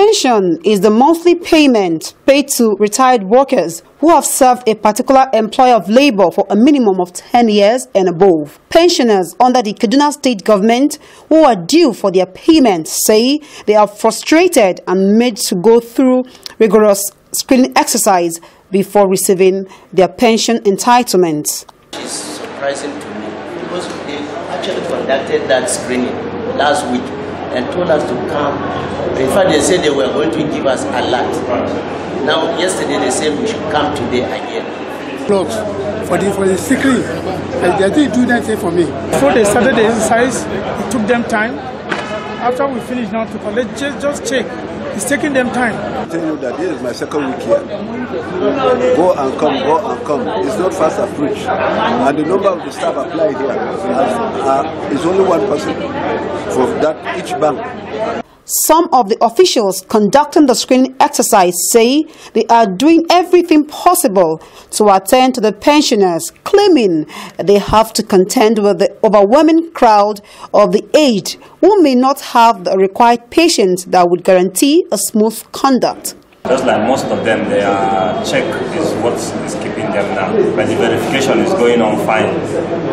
Pension is the monthly payment paid to retired workers who have served a particular employer of labor for a minimum of 10 years and above. Pensioners under the Kaduna state government who are due for their payment say they are frustrated and made to go through rigorous screening exercise before receiving their pension entitlement. It's surprising to me because they actually conducted that screening last week and told us to come. In fact, they said they were going to give us a lot. Now, yesterday they said we should come today again. Blocks for the for the sick leave, and they didn't do that for me. Before they started the exercise, it took them time. after we finish now to collect, just, just check. It's taking them time. I tell you that this is my second week here. Go and come, go and come. It's not fast approach. And the number of the staff applied here uh, uh, is, only one person for that each bank. Some of the officials conducting the screening exercise say they are doing everything possible to attend to the pensioners, claiming they have to contend with the overwhelming crowd of the aged who may not have the required patience that would guarantee a smooth conduct. Just like most of them, their check is what is keeping them down, but the verification is going on fine.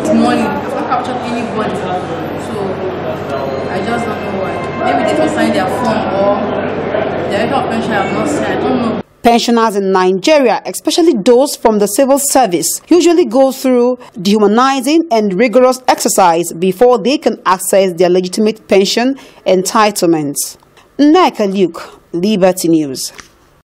Good morning. of have not Pensioners in Nigeria, especially those from the civil service, usually go through dehumanizing and rigorous exercise before they can access their legitimate pension entitlements. Nneka Luke, Liberty News.